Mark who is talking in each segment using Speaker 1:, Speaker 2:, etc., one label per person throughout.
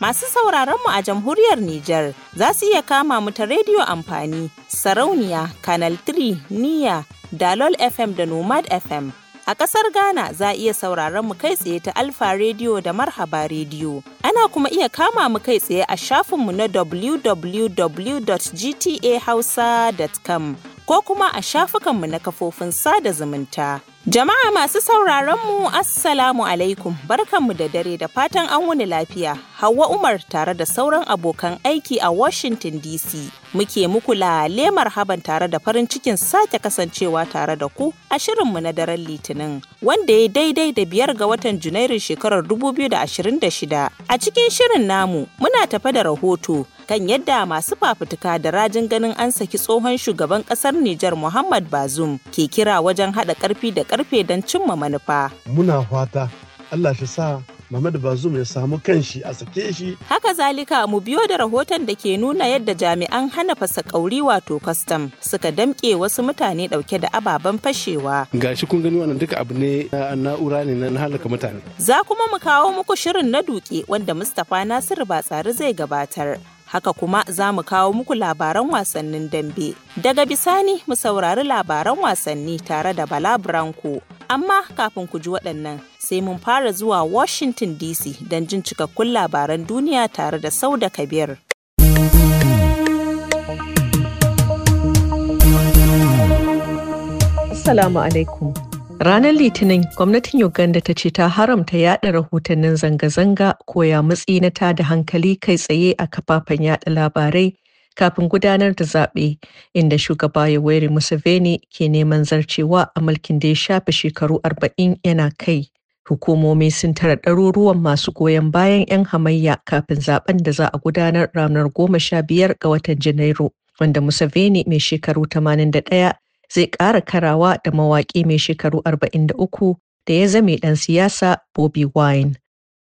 Speaker 1: Masu sauraronmu a jamhuriyar Nijar za su iya kama mu ta rediyo amfani, sarauniya, Canal 3, Niya, Dalol FM da Nomad FM. A ƙasar Ghana za a iya sauraron mu kai tsaye ta Alfa Radio da Marhaba Radio. Ana kuma iya kama mu kai tsaye a shafinmu na www.gtahausa.com ko kuma a shafukanmu na kafofin sada zumunta. Jama'a masu sauraron mu Assalamu alaikum barkanmu da dare da fatan an wuni lafiya. Hauwa Umar tare da sauran abokan aiki a Washington DC muke muku lemar haban tare da farin cikin sake kasancewa tare da ku a shirinmu na daren Litinin wanda ya daidai da biyar ga watan Junairun shekarar 2026. A cikin shirin namu muna tafe da rahoto kan yadda masu fafutuka da rajin ganin an saki tsohon shugaban kasar Nijar Muhammad bazum ke kira wajen haɗa ƙarfi da ƙarfe don cimma manufa.
Speaker 2: Muna fata Allah shi sa Muhammad Bazoum ya samu kanshi a sake shi.
Speaker 1: Haka zalika mu biyo da rahoton da ke nuna yadda jami'an hana fasa ƙauri wato kwastam suka damƙe wasu mutane ɗauke da ababen fashewa.
Speaker 2: Gashi kun gani wannan duka abu ne na na'ura ne na halaka
Speaker 1: mutane. Za kuma mu kawo muku shirin na duke wanda Mustapha Nasiru Batsari zai gabatar. haka kuma za mu kawo muku labaran wasannin dambe. Daga bisani mu saurari labaran wasanni tare da Bala Branko. Amma kafin ku ji waɗannan sai mun fara zuwa Washington DC don jin cikakkun labaran duniya tare da sau da Kabir.
Speaker 3: Assalamu alaikum. Ranar Litinin, gwamnatin Uganda ta ce ta haramta yada rahotannin zanga-zanga ko yamutsi na da hankali kai tsaye a kafafen yada labarai kafin gudanar da zaɓe, inda shugaba Yoweri Museveni ke neman zarcewa a mulkin da ya shafe shekaru arba'in yana kai. Hukumomi sun tara ɗaruruwan masu goyon bayan 'yan hamayya kafin zaben da za a gudanar ranar goma sha biyar ga watan Janairu, wanda Museveni mai shekaru 81 zai ƙara karawa da mawaƙi mai shekaru 43 da ya zame ɗan siyasa Bobi Wine.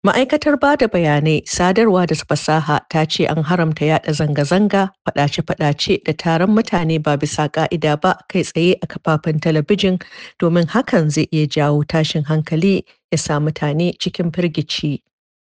Speaker 3: Ma'aikatar ba da bayanai sadarwa da fasaha ta ce an haramta yaɗa zanga-zanga, faɗace-faɗace da taron mutane ba bisa ƙa'ida ba kai tsaye a kafafen talabijin domin hakan zai iya jawo tashin hankali ya sa mutane cikin firgici.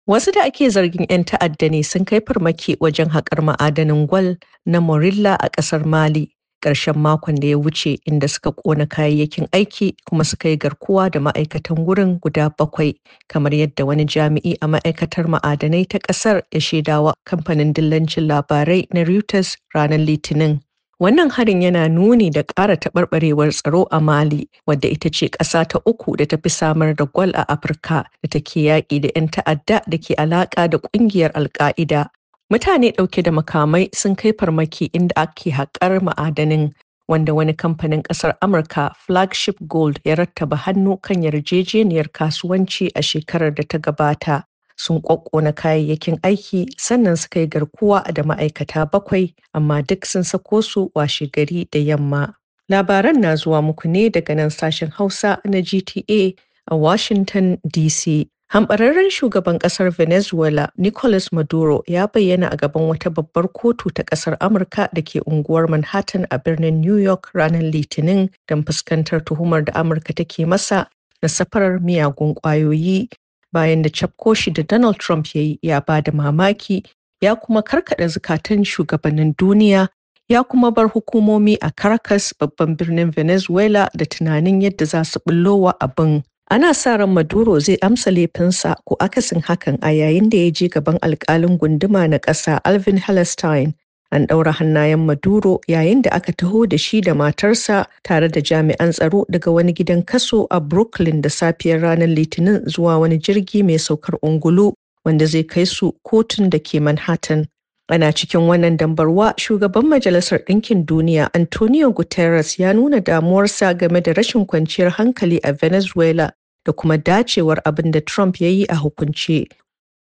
Speaker 3: Wasu da ake zargin 'yan ta'adda ne sun kai farmaki wajen haƙar ma'adanin gwal na Morilla a ƙasar Mali ƙarshen makon da ya wuce inda suka ƙona kayayyakin aiki kuma suka yi garkuwa da ma'aikatan wurin guda bakwai kamar yadda wani jami'i a ma'aikatar ma'adanai ta ƙasar ya shaidawa kamfanin dillancin labarai na Reuters ranar Litinin. Wannan harin yana nuni da ƙara taɓarɓarewar tsaro a Mali, wadda ita ce ƙasa ta uku da ta fi samar da gwal a Afirka da take yaƙi da 'yan ta'adda da ke alaƙa da ƙungiyar al Alƙa'ida Mutane ɗauke da makamai sun kai farmaki inda ake haƙar ma'adanin wanda wani kamfanin ƙasar Amurka Flagship Gold ya rattaba hannu kan yarjejeniyar kasuwanci a shekarar da ta gabata. Sun ƙwaƙƙona kayayyakin aiki sannan suka yi garkuwa da ma'aikata bakwai amma duk sun sako su washe da yamma. Labaran na zuwa muku ne daga nan sashen Hausa na GTA a Washington DC. Hamɓararren shugaban ƙasar Venezuela Nicolas Maduro ya bayyana a gaban wata babbar kotu ta ƙasar Amurka da ke unguwar Manhattan a birnin New York ranar Litinin don fuskantar tuhumar da Amurka take masa na safarar miyagun ƙwayoyi bayan da cafko shi da Donald Trump ya yi ya ba da mamaki ya kuma karkaɗa zukatan shugabannin duniya ya kuma bar hukumomi a Caracas babban birnin Venezuela da tunanin yadda za su wa abin. Ana sa ran Maduro zai amsa laifinsa ko akasin hakan a yayin da ya je gaban alkalin gunduma na ƙasa Alvin Hallerstein. An ɗaura hannayen Maduro yayin da aka taho da shi da matarsa tare da jami'an tsaro daga wani gidan kaso a Brooklyn da safiyar ranar Litinin zuwa wani jirgi mai saukar ungulu wanda zai kai su kotun da ke Manhattan. Ana cikin wannan dambarwa shugaban Majalisar Ɗinkin Duniya Antonio Guterres ya nuna damuwarsa game da rashin kwanciyar hankali a Venezuela da kuma dacewar abin da Trump ya yi a hukunce.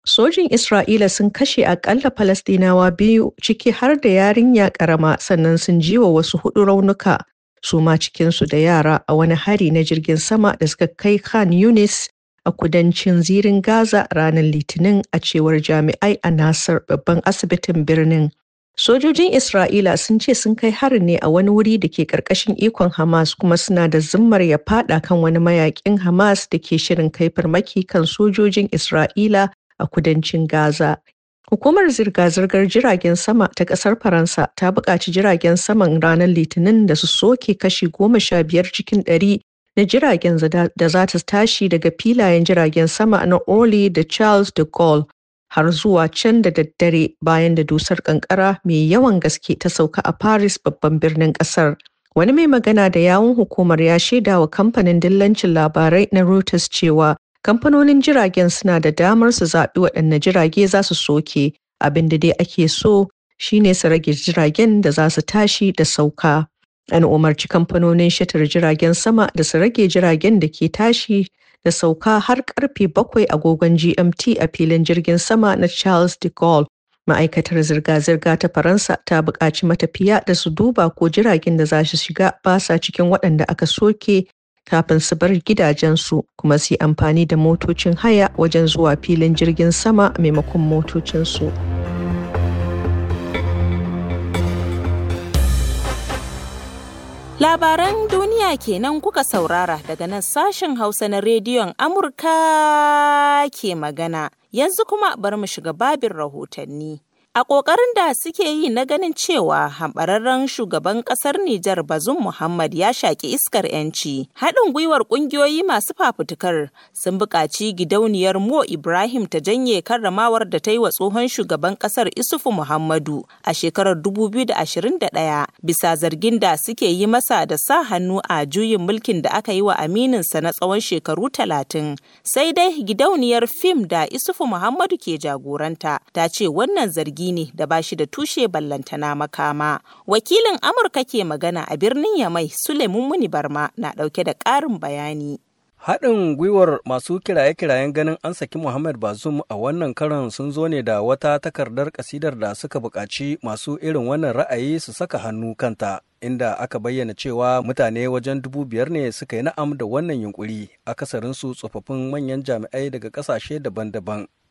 Speaker 3: Sojin Isra'ila sun kashe aƙalla Falastinawa biyu ciki har da yarinya ƙarama sannan sun ji wa wasu huɗu raunuka su ma cikinsu da yara a wani hari na jirgin sama da suka kai Khan Yunis a kudancin zirin Gaza ranar Litinin a cewar jami'ai a Nasar babban asibitin birnin. Sojojin Isra'ila sun ce sun kai harin ne a wani wuri da ke ƙarƙashin ikon Hamas kuma suna da zimmar ya fada kan wani mayakin Hamas da ke shirin kai farmaki kan sojojin Isra'ila a kudancin Gaza. Hukumar zirga-zirgar jiragen sama ta ƙasar Faransa ta buƙaci jiragen saman ranar Litinin da su soke kashi goma sha biyar cikin ɗari na jiragen da za ta tashi daga filayen jiragen sama na Orly da Charles de Gaulle har zuwa can da daddare bayan da dusar ƙanƙara mai yawan gaske ta sauka a Paris babban birnin ƙasar. Wani mai magana da yawun hukumar ya shaida wa kamfanin dillancin labarai na Reuters cewa kamfanonin jiragen suna da damar su zaɓi waɗanne jirage za su soke abin da dai ake so shine su rage jiragen da za su tashi da sauka. An umarci kamfanonin shatar jiragen sama da su rage jiragen da ke tashi da sauka har karfe bakwai agogon GMT a filin jirgin sama na Charles de Gaulle. Ma'aikatar zirga-zirga ta Faransa ta buƙaci matafiya da su duba ko jiragen da za su shiga ba sa cikin waɗanda aka soke kafin su bar gidajensu kuma su yi amfani da motocin haya wajen zuwa filin jirgin sama maimakon motocinsu.
Speaker 1: Labaran duniya kenan kuka saurara daga nan sashen Hausa na rediyon Amurka ke magana. Yanzu kuma bar mu shiga babin rahotanni. A ƙoƙarin da suke yi na ganin cewa hambararren shugaban ƙasar Nijar Bazum Muhammad ya shaƙi iskar 'yanci, haɗin gwiwar ƙungiyoyi masu fafutukar sun buƙaci gidauniyar Mo Ibrahim ta janye karramawar da ta yi wa tsohon shugaban ƙasar Isufu Muhammadu a shekarar 2021 bisa zargin da suke yi masa da sa hannu a juyin mulkin da aka yi wa amininsa na tsawon shekaru 30. Sai dai gidauniyar fim da Isufu Muhammadu ke jagoranta ta ce wannan zargi addini da ba shi da tushe ballantana makama. Wakilin Amurka ke magana a birnin Yamai Suleiman Muni Barma na dauke da ƙarin bayani.
Speaker 4: Haɗin gwiwar masu kiraye-kirayen ganin an saki Muhammad Bazum a wannan karan sun zo ne da wata takardar kasidar da suka buƙaci masu irin wannan ra'ayi su saka hannu kanta, inda aka bayyana cewa mutane wajen dubu biyar ne suka yi na'am da wannan yunkuri, akasarinsu tsofaffin manyan jami'ai daga ƙasashe daban-daban.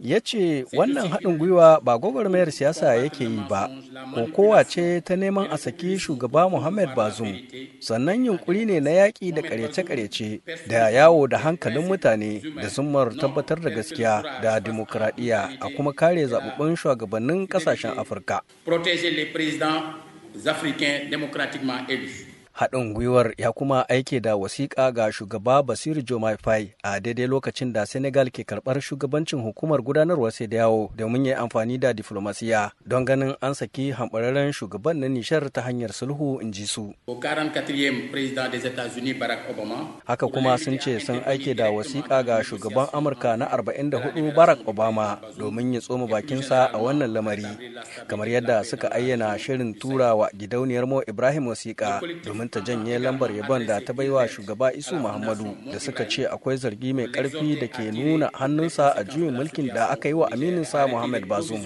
Speaker 4: ya ce wannan haɗin gwiwa ba gwagwarmayar siyasa yake yi ba ko kowa ce ta neman a saki shugaba muhammad bazum sannan yunkuri ne na yaƙi da ƙaryace karece da yawo da hankalin mutane da zummar tabbatar da gaskiya da dimokuraɗiyya a kuma kare zaɓuɓɓun shugabannin ƙasashen afirka haɗin gwiwar ya kuma aike da wasiƙa ga shugaba basiru jomai fai a daidai lokacin da senegal ke karɓar shugabancin hukumar gudanarwa sai da yawo domin ya amfani da diflomasiya don ganin an saki hamɓararren shugaban na nishar ta hanyar sulhu in ji su haka kuma sun ce sun aike da wasiƙa ga shugaban amurka na 44 barack obama domin ya tsoma bakinsa a wannan lamari kamar yadda suka ayyana shirin turawa gidauniyar mo ibrahim wasiƙa domin ta janye lambar yabon da ta baiwa shugaba isu muhammadu da suka ce akwai zargi mai karfi da ke nuna hannunsa a juyin mulkin da aka yi wa amininsa muhammad bazum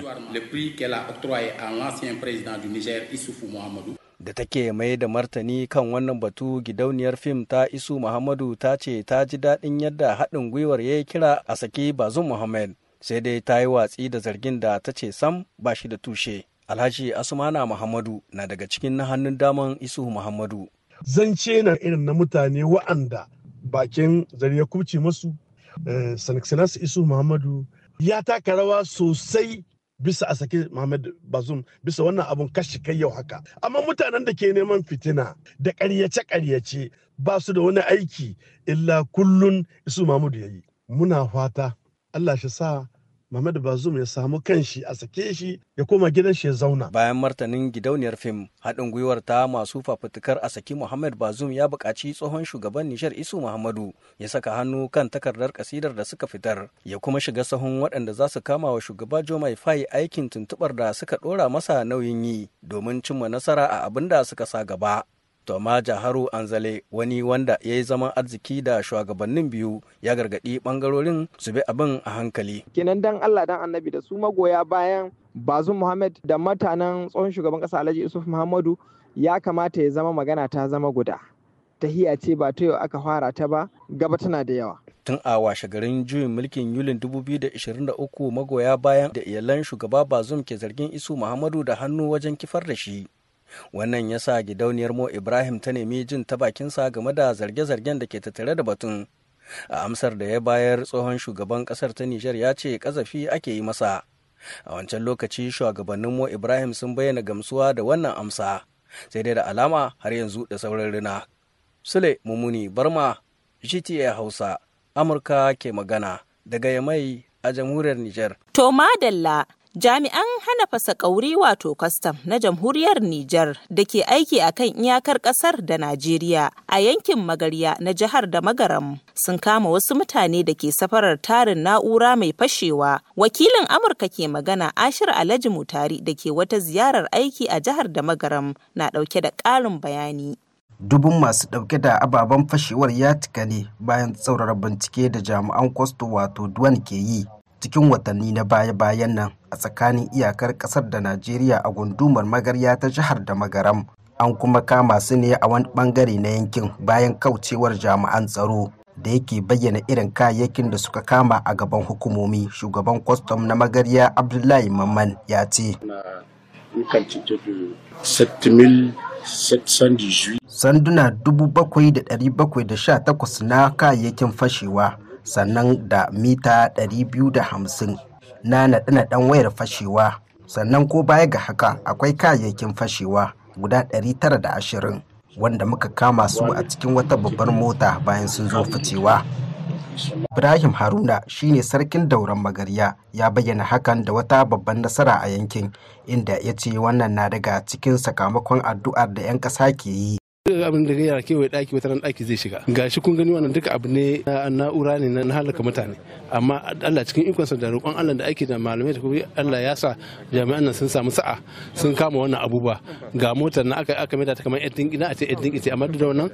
Speaker 4: da take mai da martani kan wannan batu gidauniyar fim ta isu muhammadu ta ce ta ji daɗin yadda haɗin gwiwar ya yi kira a saki bazum muhammad sai dai ta yi watsi da zargin da ta ce sam ba shi da tushe Alhaji Asmana Muhammadu na daga cikin na hannun daman isu Muhammadu.
Speaker 2: Zance na irin na mutane wa'anda bakin zari ya kubce masu eh, Sanexcellence isu Muhammadu ya taka rawa sosai bisa a sake Muhammad Bazum bisa wannan abun kashi kai yau haka. Amma mutanen da ke neman fitina da ƙaryace-ƙaryace ba su da wani aiki illa kullun Isu Muhammadu ya yi. Muna fata Allah shi sa Muhammad Bazoum ya samu kanshi a sake shi ya koma gidan shi ya zauna.
Speaker 4: Bayan martanin gidauniyar fim haɗin gwiwar ta masu fafutukar a saki Muhammad Bazoum ya buƙaci tsohon shugaban Nijar Isu Muhammadu ya saka hannu kan takardar ƙasidar da suka fitar ya kuma shiga sahun waɗanda za su kama wa shugaba Jomai Fai aikin tuntuɓar da suka ɗora masa nauyin yi domin cimma nasara a abin da suka sa gaba. Toma Jaharu Anzale wani wanda ya yi zaman arziki da shugabannin biyu ya gargaɗi ɓangarorin su bi abin a hankali.
Speaker 5: Kenan dan Allah dan annabi da su magoya bayan Bazu Muhammad da matanan tsohon shugaban ƙasa Alhaji Yusuf Muhammadu ya kamata ya zama magana ta zama guda. Tahiya ce ba ta yau aka fara ta ba gaba tana da yawa.
Speaker 4: tun a washe garin juyin mulkin yulin 2023 magoya bayan da iyalan shugaba bazum ke zargin isu muhammadu da hannu wajen kifar da shi Wannan ya sa gidauniyar Mo Ibrahim ta nemi jin ta bakinsa game da zarge-zargen da ke tattare da batun. A amsar da ya bayar tsohon shugaban kasar ta Nijar ya ce ƙazafi ake yi masa. A wancan lokaci shugabannin Mo Ibrahim sun bayyana gamsuwa da wannan amsa. Sai dai da alama har yanzu da sauran rina. Sule Mumuni Barma, GTA Hausa, Amurka ke magana daga Yamai a jamhuriyar Nijar.
Speaker 1: To madalla Jami'an hana fasa fasakauri wato kwastam na jamhuriyar Nijar da ke aiki a kan iyakar ƙasar da Najeriya a yankin Magarya na jihar da Magaram sun kama wasu mutane da ke safarar tarin na'ura mai fashewa. Wakilin Amurka ke magana Ashir Alhaji Mutari da ke wata ziyarar aiki a jihar da Magaram na ɗauke da ƙarin bayani.
Speaker 5: dubun masu ɗauke da ababen fashewar ya ne bayan tsaurara bincike da jami'an kwastam wato duwan ke yi cikin watanni na baya-bayan nan a tsakanin iyakar kasar da Najeriya a gundumar magarya ta jihar da magaram. An kuma kama su ne a wani bangare na yankin bayan kaucewar jami'an tsaro da yake bayyana irin kayayyakin da suka kama a gaban hukumomi. Shugaban kwastam na magarya Abdullahi Mamman ya ce. Sanduna 7,718 na kayayyakin fashewa sannan da mita 250 na naɗe-naɗen wayar fashewa sannan ko baya ga haka akwai kayayyakin fashewa guda 920 wanda muka kama su a cikin wata babbar mota bayan sun zo ficewa ibrahim haruna shi ne sarkin dauran magarya ya bayyana hakan da wata babban nasara a yankin inda ya ce wannan na daga cikin sakamakon addu'ar da 'yan ƙasa ke yi
Speaker 2: abin da yana kewaye daki wata nan daki
Speaker 6: zai shiga gashi kun gani wannan duk abu ne na na'ura ne na halaka mutane amma Allah cikin ikon sa da roƙon Allah da ake da malamai da kuma Allah ya sa jami'an nan sun samu sa'a sun kama wannan abubuwa ga motar na aka aka maida ta kamar yadda ina a ce a ce amma duk da wannan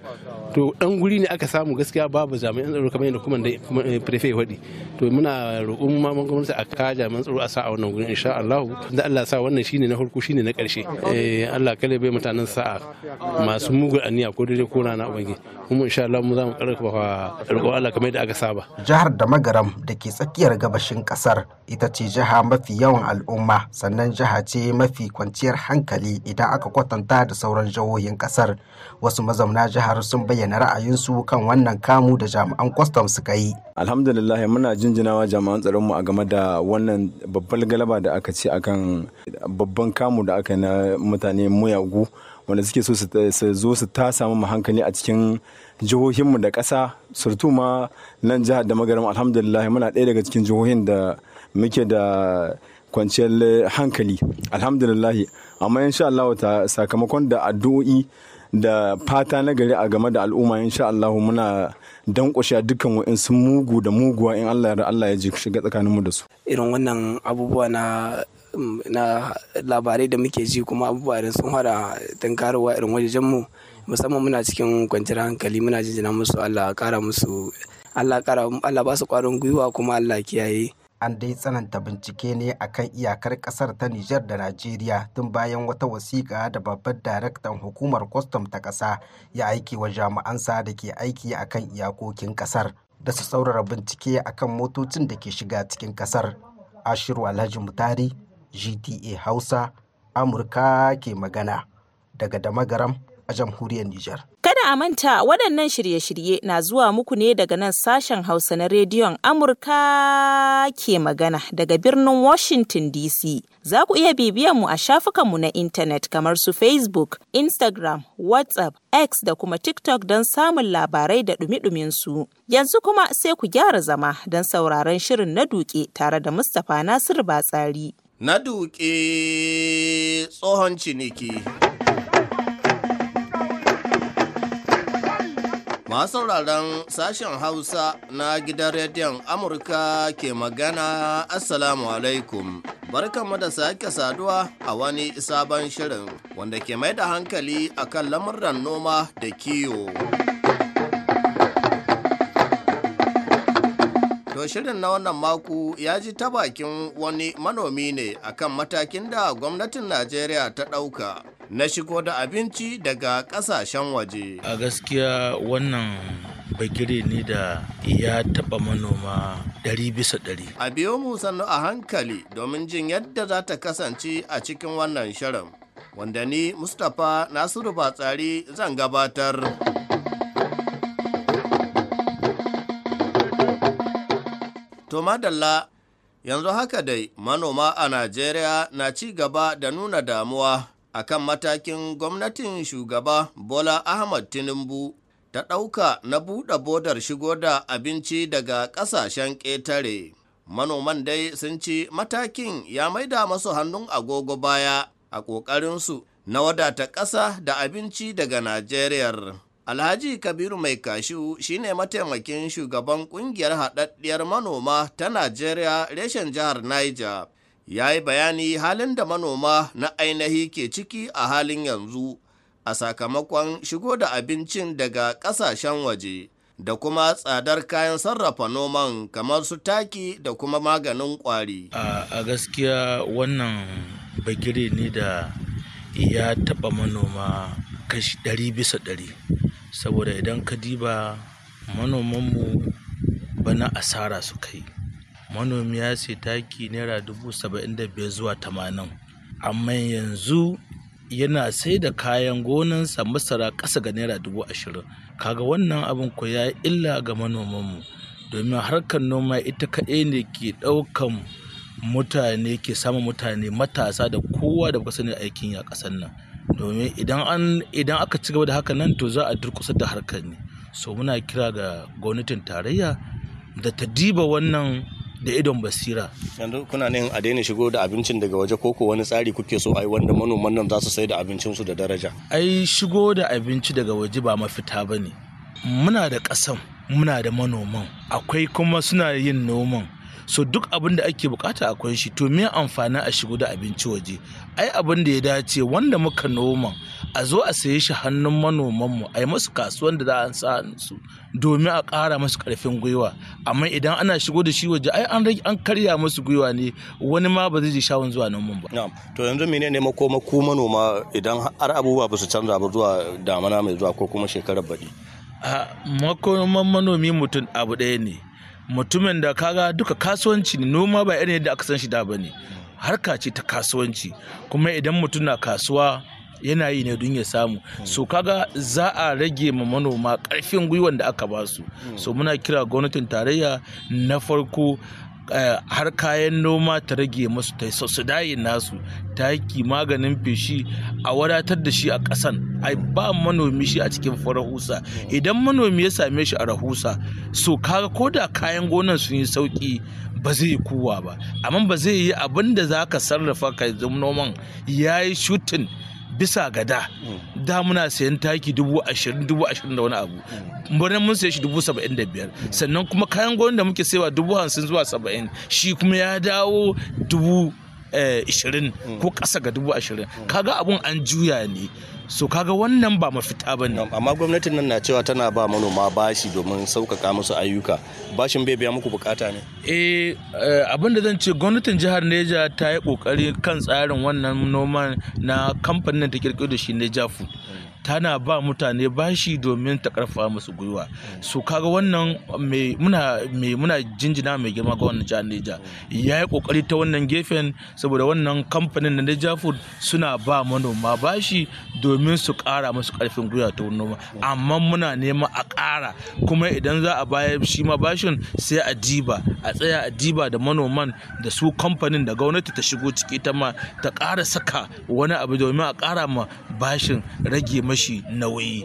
Speaker 6: to dan guri ne aka samu gaskiya babu jami'an tsaro kamar yadda kuma eh, prefe hudi to muna roƙon ma gwamnati a ka jami'an tsaro a sa a wannan gurin insha Allah da Allah sa wannan shine na farko shine na ƙarshe eh Allah kale bai mutanen sa'a masu mugu a aniya ko daidai ko rana ubangi kuma insha Allah mu za mu karfafa Allah kamar yadda aka saba
Speaker 5: jihar da magaram da ke tsakiyar gabashin kasar ita ce jiha mafi yawan al'umma sannan jiha ce mafi kwanciyar hankali idan aka kwatanta da sauran jihohin kasar wasu mazauna jihar sun bayyana ra'ayinsu kan wannan kamu da jami'an kwastam suka yi
Speaker 4: alhamdulillah muna jinjinawa jami'an tsaron mu a game da wannan babbar galaba da aka ce akan babban kamu da aka na mutane muyagu wanda suke so su zo su ta samu hankali a cikin jihohinmu da ƙasa surtu ma nan jihar da magaram alhamdulillah muna ɗaya daga cikin jihohin da muke da kwanciyar hankali alhamdulillah amma insha Allah sakamakon da addu'o'i da fata na gari a game da al'umma insha Allah muna dankushe dukkan wa'insu mugu da muguwa in Allah ya Allah ya ji shiga tsakaninmu da su irin wannan abubuwa na na labarai da muke ji kuma abubuwa irin sun hada tunkararwa irin wajejenmu musamman muna cikin kwanciyar hankali muna jinjina musu Allah kara musu Allah kara Allah ba su kwarin gwiwa kuma Allah kiyaye
Speaker 5: an dai tsananta bincike ne akan iyakar kasar ta Nijar da Najeriya tun bayan wata wasiƙa da babban daraktan hukumar kwastam ta ƙasa ya aiki wa jami'ansa da ke aiki akan iyakokin ƙasar da su saurara bincike akan motocin da ke shiga cikin ƙasar. Ashiru Alhaji Mutari GTA Hausa Amurka ke magana daga Damagaram a jamhuriyar Nijar.
Speaker 1: Kada a manta waɗannan shirye-shirye na zuwa muku ne daga nan sashen Hausa na rediyon Amurka ke magana daga birnin Washington DC. Za ku iya bibiyanmu mu a shafukanmu na intanet kamar su Facebook, Instagram, WhatsApp, X da kuma TikTok don samun labarai da ɗumi su. Yanzu kuma sai ku gyara zama don sauraron shirin na duke tare da Mustapha Nasiru Batsari.
Speaker 7: na duƙe tsohon ciniki. Masu raren sashen Hausa na gidan rediyon Amurka ke magana Assalamu alaikum. Barkanmu da sake saduwa a wani sabon shirin wanda ke mai da hankali akan lamurran noma da kiwo. To shirin na wannan mako ya ji ta bakin wani manomi ne akan matakin da gwamnatin Najeriya ta ɗauka
Speaker 6: na shigo da abinci daga ƙasashen waje. A gaskiya wannan bagire ne da ya taɓa manoma ɗari bisa ɗari. A
Speaker 7: biyo mu sannu a hankali domin jin yadda za ta kasance a cikin wannan shirin. Wanda ni Mustapha Nasiru Batsari zan gabatar. To madalla yanzu haka dai manoma a Najeriya na ci gaba da nuna damuwa a kan matakin gwamnatin shugaba Bola Ahmad Tinubu ta ɗauka na buɗe bodar shigo da abinci daga ƙasashen ƙetare. Manoman dai sun ci matakin ya maida masu hannun agogo baya a ƙoƙarinsu na wadata ƙasa da abinci daga Najeriyar. Alhaji Kabiru Mai Kashu ne mataimakin shugaban kungiyar haɗaɗɗiyar manoma ta Najeriya reshen jihar Niger. Ya yi bayani halin da manoma na ainihi ke ciki a halin yanzu a sakamakon shigo da abincin daga ƙasashen waje da kuma tsadar kayan sarrafa noman kamar su taki da kuma
Speaker 6: maganin ƙwari. A gaskiya wannan bagire ne da ya taɓa manoma kashi ɗari bisa ɗari saboda idan ka diba manomanmu bana asara su kai manomi ya sai taki naira dubu saba'in da biyar zuwa tamanin amma yanzu yana sai da kayan gonansa masara ƙasa ga naira dubu ashirin kaga wannan abin ku ya illa ga manomanmu domin harkar noma ita kaɗai ne ke ɗaukan mutane ke samun mutane matasa da kowa da kasa ne aikin ya ƙasar nan domin idan aka ci gaba da haka nan to za a durkusa da harkar ne so muna kira ga gwamnatin tarayya da ta diba wannan da idon basira yanzu
Speaker 7: kuna nan a daina shigo da abincin daga waje koko wani tsari kuke so ai wanda manoman nan za su sai da abincin su da daraja
Speaker 6: ai shigo da abinci daga waje ba mafita bane muna da ƙasan muna da manoman akwai kuma suna yin noman so duk abin da ake bukata akwai shi to me amfani a shigo da abinci waje ai abin da ya dace wanda muka noma a zo a saye shi hannun manomanmu a yi masu kasuwan da za a sa su domin a ƙara masu ƙarfin gwiwa amma idan ana shigo da shi waje ai an karya masu gwiwa ne wani ma ba zai je shawon zuwa mun
Speaker 7: ba to yanzu menene ne makoma ku manoma idan har abubuwa ba su canza ba zuwa damana mai zuwa ko kuma shekarar baɗi
Speaker 6: makoman manomi mutum abu ɗaya ne mutumin da kaga duka kasuwanci noma ba irin yadda aka san shi da ba ne harka ce ta kasuwanci kuma idan mutum na kasuwa yana yi ne don ya samu so kaga za a rage ma manoma karfin gwiwan da aka ba su so muna kira gwamnatin tarayya na farko Eh, har kayan noma ta rage musu ta daye nasu taki maganin feshi a wadatar da shi a ƙasan a ba manomi shi a cikin farahusa. idan manomi ya same shi a rahusa so kaga ko da kayan gonan sun yi sauki ba zai yi kowa ba amma ba zai yi abin da za ka sarrafa ka noman ya yi shutin bisa gada. da muna sayan taki dubu ashirin dubu ashirin da wani abu birnin mun saye shi dubu saba'in da biyar sannan kuma kayan gonan da muke sayawa dubu hamsin zuwa saba'in shi kuma ya dawo dubu eh, ishirin ko ƙasa ga dubu ashirin kaga abun an juya ne so kaga wannan ba mafita ba ne amma
Speaker 7: gwamnatin nan na cewa tana ba manoma bashi domin sauƙaƙa musu ayyuka bashin bai biya muku bukata ne
Speaker 6: eh, eh abin da zan ce gwamnatin jihar neja ta yi ƙoƙari kan tsarin wannan noman na kamfanin ta kirkiro da shi neja food tana ba mutane bashi domin ta karfa musu gwiwa so kaga wannan mai muna jinjina mai girma ga wannan jihar Neja ya yi kokari ta wannan gefen saboda wannan kamfanin na Neja Food suna ba manoma bashi domin su kara musu karfin gwiwa ta noma amma muna nema a kara kuma idan za a bayar shi ma bashin sai a diba a tsaya a diba da manoman da su kamfanin da gwamnati ta shigo ciki ta ma ta kara saka wani abu domin a kara ma bashin rage mashi mashi nauyi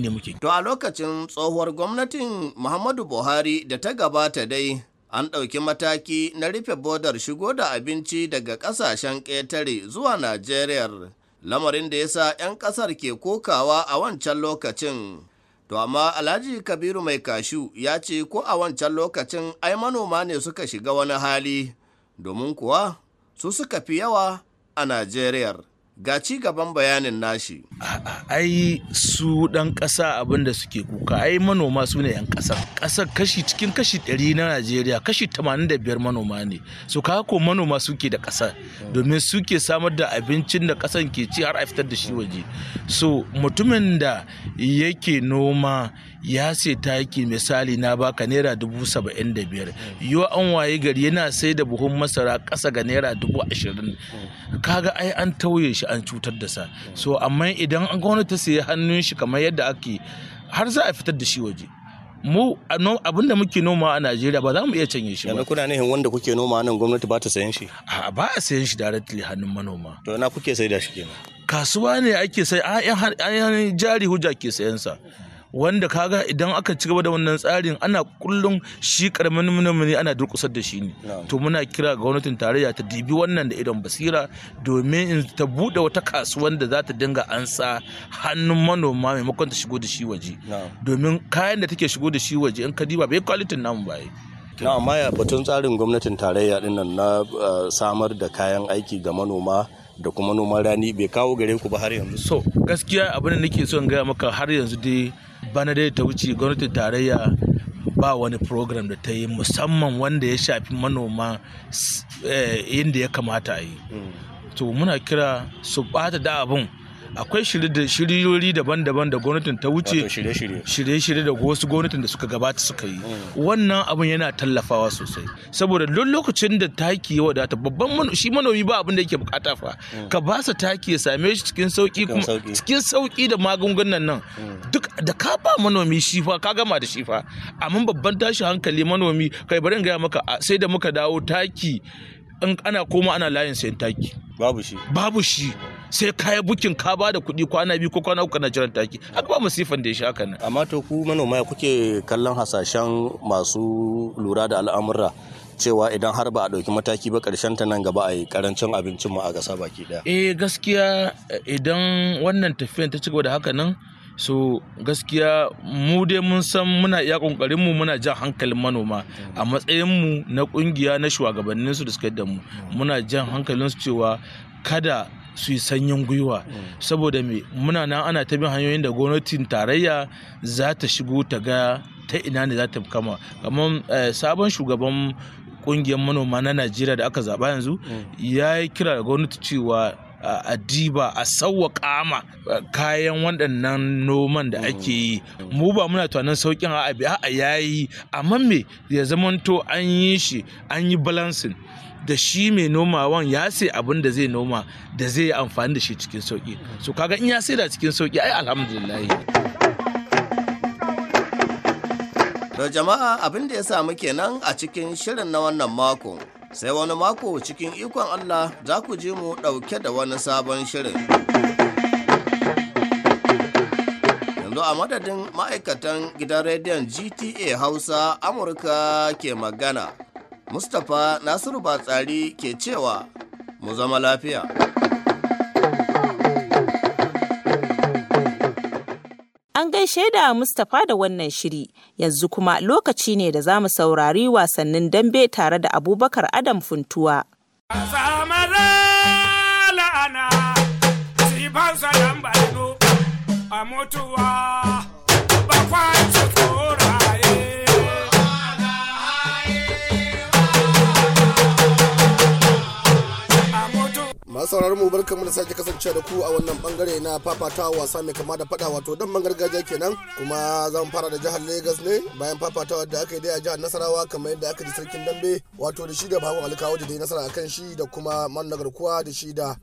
Speaker 6: ne muke. To a lokacin
Speaker 7: tsohuwar gwamnatin Muhammadu Buhari da ta gabata dai an ɗauki mataki na rufe bodar shigo da abinci daga ƙasashen ƙetare zuwa Najeriya, lamarin da ya sa 'yan ƙasar ke kokawa a wancan lokacin. To amma Alhaji Kabiru mai kashu ya ce ko a wancan lokacin ai manoma ne suka shiga wani hali, domin kuwa su suka fi yawa a Najeriya. ga ci
Speaker 6: gaban bayanin nashi. Ai su ɗan kasa abin da suke kuka ai manoma su ne 'yan kasa Ƙasar kashi cikin kashi ɗari na Najeriya kashi tamanin biyar manoma ne. So ka ko manoma suke da kasa domin suke samar da abincin da ƙasan ke ci har a fitar da shi waje. So mutumin da yake noma ya sai taki misali na baka naira dubu saba'in da biyar yo an waye gari yana sai da buhun masara ƙasa ga naira dubu ashirin kaga ai an tauye shi an cutar da sa so amma idan an gwamnati ta sayi hannun shi kamar yadda ake har za a fitar da shi waje mu abin da muke noma a Najeriya ba za mu iya canye shi ba. Yanzu kuna nihin wanda kuke noma nan gwamnati ba ta sayan shi? A ba a sayan shi directly hannun manoma. To na kuke sai da shi kenan. Kasuwa ne ake sai a yan jari hujja ke sayan sa. wanda kaga idan aka ci gaba da wannan tsarin ana kullum shi karamin manomi ana durkusar da shi ne to muna kira ga gwamnatin tarayya ta dibi wannan da idan basira domin in ta bude wata kasuwan da za ta dinga ansa hannun manoma maimakon ta shigo da shi waje domin kayan da take shigo da shi waje in ka diba bai kwalitin namu ba
Speaker 7: na amma ya batun tsarin gwamnatin tarayya dinnan na eh, samar da kayan aiki ga manoma da kuma noman rani bai kawo gare
Speaker 6: ku ba har yanzu so gaskiya abin da nake son gaya maka har yanzu dai bana dai ta wuce gwamnatin tarayya ba wani program da ta yi musamman wanda ya shafi manoma inda eh, ya kamata a yi mm. to muna kira su bata da abun akwai shiriyoyi daban-daban da gwamnatin ta wuce shirye-shirye da wasu gwamnatin da suka gabata suka yi mm. wannan abin yana tallafawa sosai saboda duk lokacin da taki ya wadata babban shi manomi ba abin da yake bukata fa mm. ka ba sa taki ya same shi cikin sauki kuma cikin sauki da magungunan nan mm. duk da ka ba manomi shi fa ka gama da shi fa amma babban tashi hankali manomi kai bari in gaya maka sai da muka dawo taki in ana koma ana layin sayan taki babu shi babu shi sai kaya bukin ka ba da kuɗi kwana biyu ko kwana uku na jiran taki haka ba masifan da ya sha nan. amma to ku manoma
Speaker 7: kuke kallon hasashen masu lura da al'amura cewa idan har ba a ɗauki mataki ba ƙarshen ta nan gaba a yi ƙarancin abincin mu a gasa baki ɗaya.
Speaker 6: eh gaskiya idan wannan tafiyan ta cigaba da haka nan so gaskiya mu dai mun san muna iya kokarin mu muna jan hankalin manoma a matsayin mu na ƙungiya na shugabannin su da suka da mu muna jan hankalin su cewa kada su yi sanyin gwiwa mm. saboda me muna nan ana ta bin hanyoyin da gwamnatin tarayya za ta shigo ta ga ta ina ne za ta kama kamar eh, sabon shugaban kungiyar manoma na najeriya da aka zaba yanzu mm. ya yi kira da gwamnati cewa a diba a sauwaƙa ma eh, kayan waɗannan noman da mm. ake yi mu ba muna tunanin sauƙin a abi a yayi amma me ya zamanto an yi shi an yi balansin da shi mai nomawan ya sai abin da zai noma da zai yi amfani da shi cikin sauki so kaga in ya sai da cikin sauki ai alhamdulillah
Speaker 7: da jama'a abin da ya samu kenan a cikin shirin na wannan mako sai wani mako cikin ikon Allah za ku ji mu ɗauke da wani sabon shirin. Yanzu a madadin ma'aikatan gidan rediyon GTA Hausa Amurka ke magana mustapha nasiru batsari ke cewa mu zama lafiya
Speaker 1: an gaishe da mustapha da wannan shiri yanzu kuma lokaci ne da za mu saurari wasannin dambe tare da abubakar adam funtuwa
Speaker 8: sauraron mu barkamu da sake kasancewa da ku a wannan bangare na fafatawa wasa mai kama da fada wato dan gargajiya kenan kuma zan fara da jihar Legas ne bayan fafatawa da aka yi dai a jihar Nasarawa kamar yadda aka ji sarkin dambe wato da shi da babu alkawo da dai nasara akan shi da kuma man nagarkuwa da shi da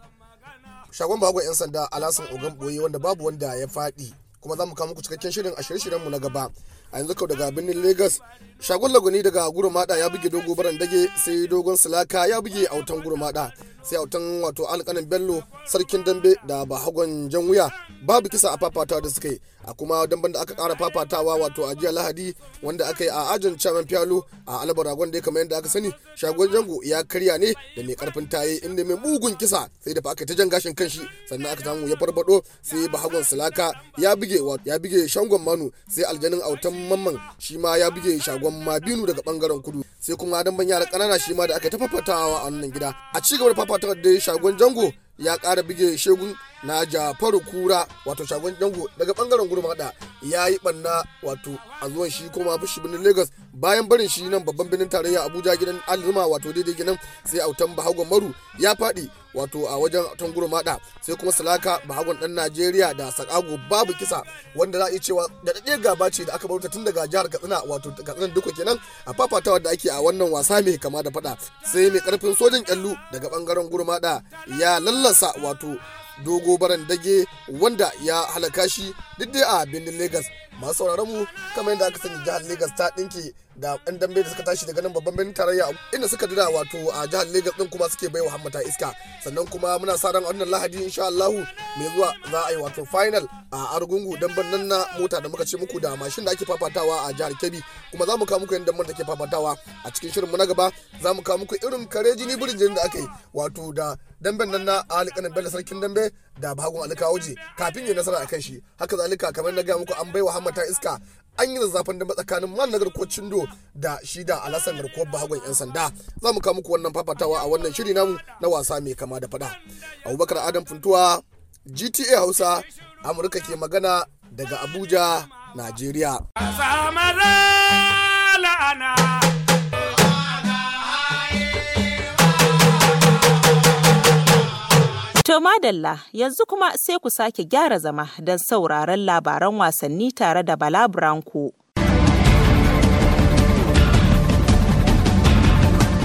Speaker 8: shagon bago yan sanda alasan ogan boye wanda babu wanda ya faɗi kuma za mu kawo muku cikakken shirin a shirye mu na gaba a yanzu kau daga birnin Legas. shagon lagoni daga gurumada ya buge dogo baran dage sai dogon Sulaka ya buge autan gurumada sai autan wato alƙalin bello sarkin dambe da bahagon jan wuya babu kisa a fafata da suka yi a kuma damban da aka kara fafatawa wato a jiya lahadi wanda aka yi a ajin chairman fiyalo a albaragon da kamar yadda aka sani shagon jango ya karya ne da mai karfin taye inda mai mugun kisa sai da aka ta jan gashin kanshi sannan aka samu ya farbado sai bahagon silaka ya bige ya bige shangon manu sai aljanin autan mamman shi ma ya bige shagon mabinu daga bangaren kudu sai kuma damban yara kanana shi ma da aka ta fafatawa a wannan gida a cigaba da fafatawa da shagon jango ya kara bige shegun na jafaru kura wato shagon jango daga bangaren gurma da ya yi banna wato a zuwan shi kuma bushi birnin lagos bayan barin shi nan babban birnin tarayya abuja gidan alzuma wato daidai gidan sai autan bahagon maru ya faɗi wato a wajen tanguru mada sai kuma salaka bahagon dan najeriya da sakago babu kisa wanda za a iya cewa da daɗe gaba ce da aka bauta tun daga jihar katsina wato katsinan duka kenan a fafatawa da ake a wannan wasa mai kama da faɗa sai mai karfin sojan kyallu daga bangaren gurmada ya lallasa wato dogo baran dage wanda ya halaka shi duk dai a birnin legas masu sauraron mu kamar yadda aka sani jihar legas ta ɗinke da yan dambe da suka tashi daga nan babban birnin tarayya inda suka dira wato a jihar Legas din kuma suke baiwa hammata iska sannan kuma muna sa ran wannan Lahadi insha Allahu mai zuwa za a yi wato final a Argungu damben nan na mota da muka ce muku da mashin da ake fafatawa a jihar Kebbi kuma za mu kawo muku yadda damben da ke fafatawa a cikin shirin mu na gaba za mu kawo muku irin kare jini burin da aka yi wato da damben nan na alikanin bello sarkin dambe da bahagun alkawoji kafin ya nasara a shi haka zalika kamar na gaya muku an baiwa hammata iska an yi zazzafan da tsakanin man na cindo da shi da alasan garkuwar bahagon yan sanda za mu kawo muku wannan fafatawa a wannan shiri namu na wasa mai kama da fada abubakar adam funtuwa gta hausa amurka ke magana daga abuja najeriya
Speaker 1: To madalla yanzu kuma sai ku sake gyara zama don sauraron labaran wasanni tare da Bala Branko.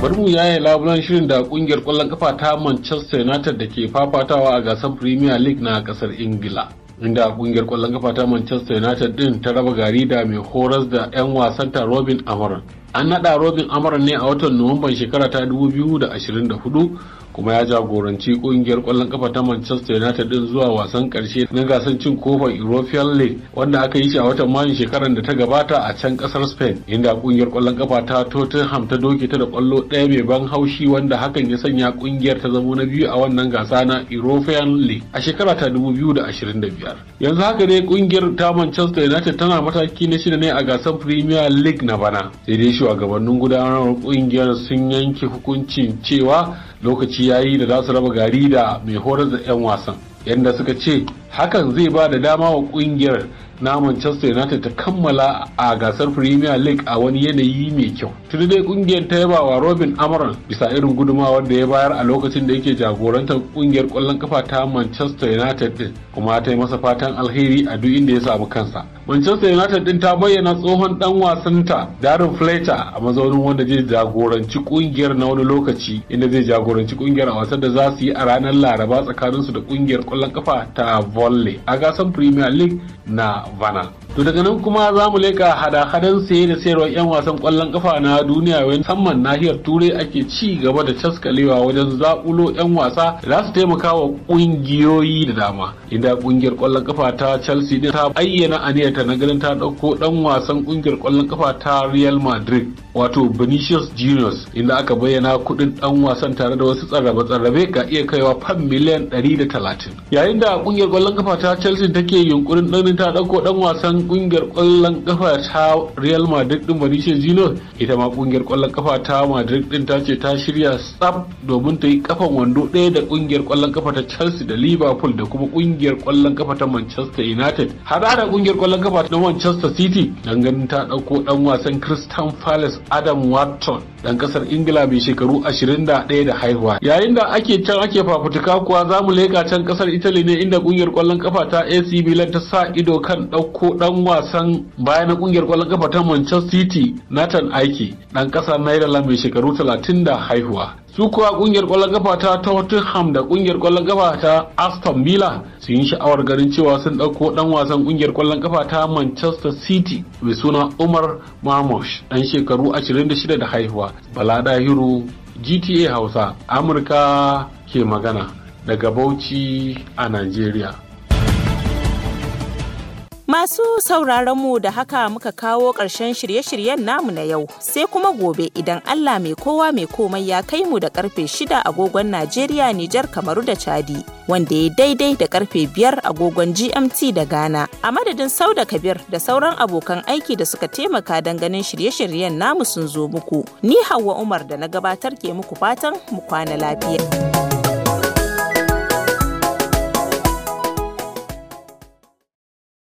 Speaker 2: Barbu ya yi labulan shirin da kungiyar kwallon kafa ta Manchester United da ke fafatawa a gasar Premier League na kasar Ingila. inda kungiyar kwallon kafa ta Manchester United din ta raba gari da mai horas da 'yan wasanta Robin Amaran. An nada Robin Amaran ne a watan Nuwamban shekara ta 2024 kuma ya jagoranci kungiyar kwallon kafa ta Manchester United din zuwa wasan karshe na gasar cin kofar European League wanda aka yi shi a watan Mayu shekarar da ta gabata a can kasar Spain inda kungiyar kwallon kafa ta Tottenham ta doke ta da kwallo ɗaya mai ban haushi wanda hakan ya sanya kungiyar ta zamo na biyu a wannan gasa na European League a shekara ta 2025 yanzu haka dai kungiyar ta Manchester United tana mataki na shida ne a gasar Premier League na bana sai dai shugabannin gudanarwar kungiyar sun yanke hukuncin cewa lokaci yayi da za su raba gari da mai horar da 'yan wasan yadda suka ce hakan zai ba da dama wa kungiyar na manchester united ta kammala a gasar premier league a wani yanayi mai kyau tun dai kungiyar ta yaba wa robin amaran bisa irin gudumawar da ya bayar a lokacin da yake jagorantar kungiyar kwallon kafa ta manchester united din kuma ta yi masa fatan alheri a duk inda ya samu kansa manchester united din ta bayyana tsohon dan wasanta darren fletcher a mazaunin wanda zai jagoranci kungiyar na wani lokaci inda zai jagoranci kungiyar a wasan da za su yi a ranar laraba tsakanin su da kungiyar kwallon kafa ta volley a premier league na vana. To daga nan kuma za mu leƙa hada-hadan saye da sayarwar 'yan wasan kwallon ƙafa na duniya musamman nahiyar turai ake ci gaba da caskalewa wajen zaƙulo 'yan wasa da su taimaka wa ƙungiyoyi da dama. Inda ƙungiyar kwallon kafa ta Chelsea din ta ayyana aniyarta na ganin ta ɗauko ɗan wasan ƙungiyar kwallon kafa ta Real Madrid wato Vinicius Junius, inda aka bayyana kuɗin ɗan wasan tare da wasu tsarrabe-tsarrabe ga iya kaiwa fam miliyan 130. Yayin da ƙungiyar ƙwallon ƙafa ta Chelsea take yunkurin ɗanin ta ɗauko ɗan wasan kungiyar kwallon kafa ta Real Madrid din Mauricio Zino ita ma kungiyar kwallon kafa ta Madrid din ta ce ta shirya tsaf domin ta yi kafan wando ɗaya da kungiyar kwallon kafa ta Chelsea da Liverpool da kuma kungiyar kwallon kafa ta Manchester United har da kungiyar kwallon kafa ta Manchester City dan ganin ta dauko dan wasan Crystal Palace Adam Watson dan kasar Ingila mai shekaru 21 da haihuwa yayin da ake can ake fafutuka kuwa zamu leka can kasar Italy ne inda kungiyar kwallon kafa ta AC Milan ta sa ido kan dauko dan dan wasan baya na kungiyar kwallon kafa ta Manchester City Nathan Aiki dan ƙasa Netherlands mai shekaru 30 da haihuwa su kuwa kungiyar kwallon kafa ta Tottenham da kungiyar kwallon kafa ta Aston Villa sun yi sha'awar ganin cewa sun ɗauko ɗan wasan kungiyar kwallon kafa ta Manchester City mai suna Umar mamosh ɗan shekaru 26 da haihuwa. Bala Dahiru GTA Hausa Amurka ke magana daga Bauchi a Najeriya.
Speaker 1: Masu sauraron mu da haka muka kawo ƙarshen shirye-shiryen namu na yau, sai kuma gobe idan Allah mai kowa mai komai ya kai mu da karfe shida agogon Najeriya, Nijar, Kamaru da Chadi, wanda ya daidai da karfe biyar agogon GMT da Ghana. A madadin sau da Kabir da sauran abokan aiki da suka taimaka don ganin shirye-shiryen namu sun zo muku. Ni Hauwa Umar da na gabatar ke muku fatan mu kwana lafiya.